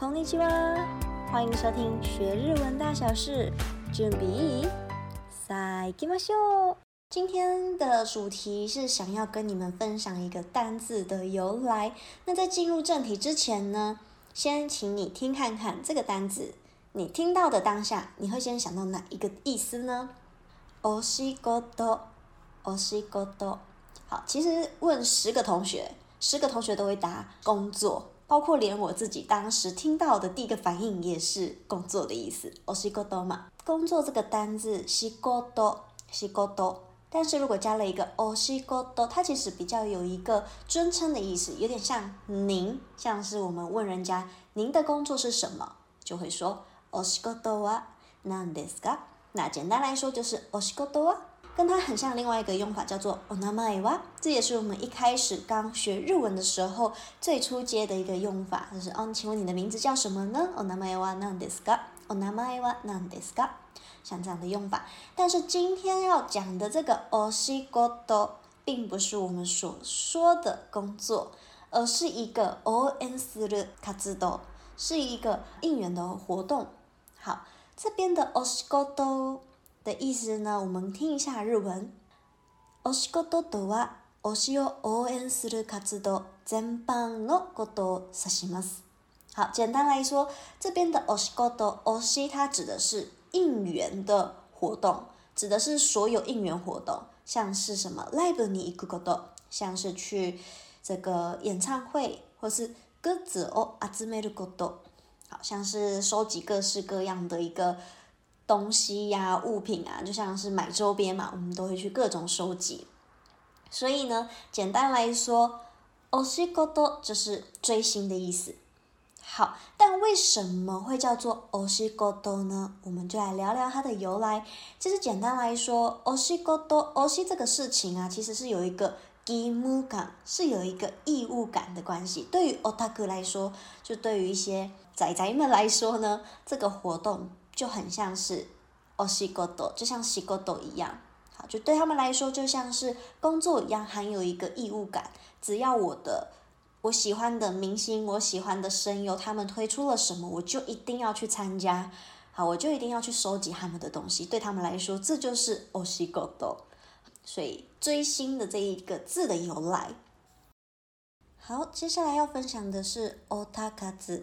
こんにちは，歡迎收聽學日文大小事，準備始めましょう。今天的主題是想要跟你們分享一個單字的由來。那在進入正題之前呢，先請你聽看看這個單字。你聽到的當下，你會先想到哪一個意思呢？お仕事、お仕事。好，其實問十個同學，十個同學都會答工作。包括連我自己當時聽到的第一個反應也是工作的意思，oshigoto 嘛。工作這個單字，shigoto，shigoto。但是如果加了一個 oshigoto，它其實比較有一個尊稱的意思，有點像您，像是我們問人家您的工作是什麼，就會說 oshigoto wa，nandesu ka。那簡單來說就是 oshigoto wa。跟它很像，另外一個用法叫做 onamae wa，這也是我們一開始剛學日文的時候最初接的一個用法，就是哦，請問你的名字叫什麼呢？onamae wa nan desu ka？onamae wa nan desu ka？像這樣的用法。但是今天要講的這個 oshigoto 並不是我們所說的工作，而是一個 ouen suru katsudou 是一個應援的活動。好，這邊的 oshigoto 的意思呢？我們聽一下日文。お仕事とは、おしを応援する活動全般のことを指します。好，簡單來說，這邊的お仕事、おし它指的是應援的活動，指的是所有應援活動，像是什麼ライブに行くこと，像是去這個演唱會，或是グッズを集めること，好像是收集各式各樣的一個。東西呀，啊，物品啊，就像是買周邊嘛，我們都會去各種收集。所以呢，簡單來說，オシゴト就是追星的意思。好，但為什麼會叫做オシゴト呢？我們就來聊聊它的由來。其實簡單來說，オシゴト、オシ這個事情啊，其實是有一個義務感，是有一個義務感的關係。對於オタク來說，就對於一些宅宅們來說呢，這個活動。就很像是 osigoto，就像西 g o 一樣，好，就對他們來說，就像是工作一樣，含有一個義務感。只要我的我喜歡的明星，我喜歡的聲優，他們推出了什麼，我就一定要去參加，好，我就一定要去收集他們的東西。對他們來說，這就是 osigoto，所以追星的這一個字的由來。好，接下來要分享的是 otakaz。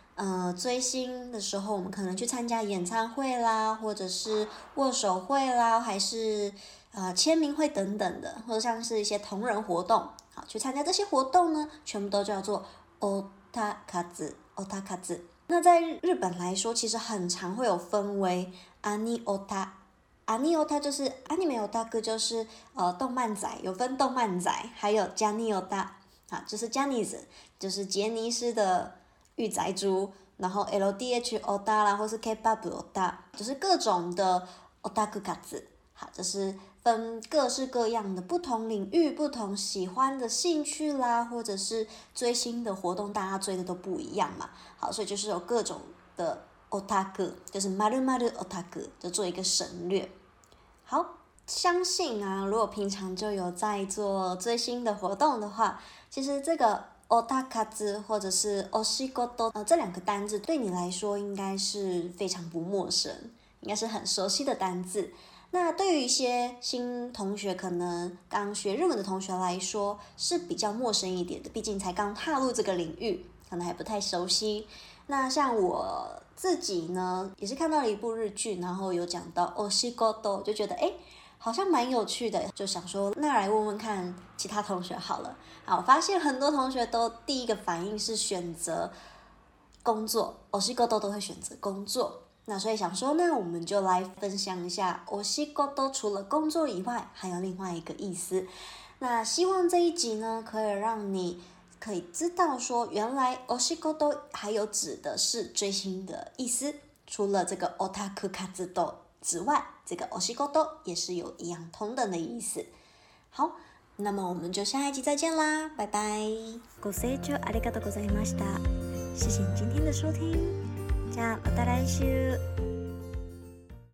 呃，追星的時候，我們可能去參加演唱會啦，或者是握手會啦，還是呃簽名會等等的，或者像是一些同人活動。好，去參加這些活動呢，全部都叫做 otakatsu，otakatsu。那在日本來說，其實很常會有分為 ani ota，ani ota 就是 anime otaku 就是呃動漫仔，有分動漫仔，還有 jani ota 好，就是 Johnny's 就是傑尼斯的。御宅族，然後 L D H O 大啦，或是 K POP O 大，就是各種的 O 大酷咖子。好，就是分各式各樣的不同領域、不同喜歡的興趣啦，或者是追星的活動，大家追的都不一樣嘛。好，所以就是有各種的 O t a g o，就是馬魯馬魯 O t a g o 就做一個省略。好，相信啊，如果平常就有在做追星的活動的話，其實這個。奧塔卡茲或者是奧西戈多，呃，這兩個單字對你來說應該是非常不陌生，應該是很熟悉的單字。那對於一些新同學，可能剛學日文的同學來說是比較陌生一點的，畢竟才剛踏入這個領域，可能還不太熟悉。那像我自己呢，也是看到了一部日劇，然後有講到奧西戈多，就覺得哎，誒好像蠻有趣的，就想說，那來問問看其他同學好了。好，我發現很多同學都第一個反應是選擇工作お仕事都會選擇工作。那所以想說，那我們就來分享一下お仕事除了工作以外，還有另外一個意思。那希望這一集呢，可以讓你可以知道說，原來お仕事還有指的是追星的意思，除了這個オタク活動此外，這個お仕事也是有一樣同等的意思。好，那麼我們就下一期再見啦，拜拜。ご清聴ありがとうございました。謝謝你今天的收聽。じゃあまた來週。